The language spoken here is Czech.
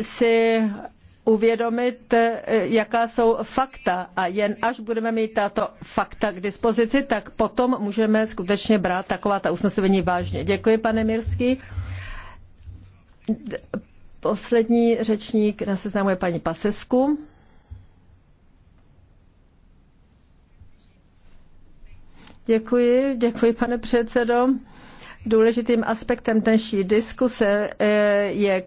si uvědomit, jaká jsou fakta a jen až budeme mít tato fakta k dispozici, tak potom můžeme skutečně brát taková ta usnesení vážně. Děkuji, pane Mirský. Poslední řečník na seznamu je paní Pasesku. Děkuji, děkuji, pane předsedo. Důležitým aspektem dnešní diskuse eh, je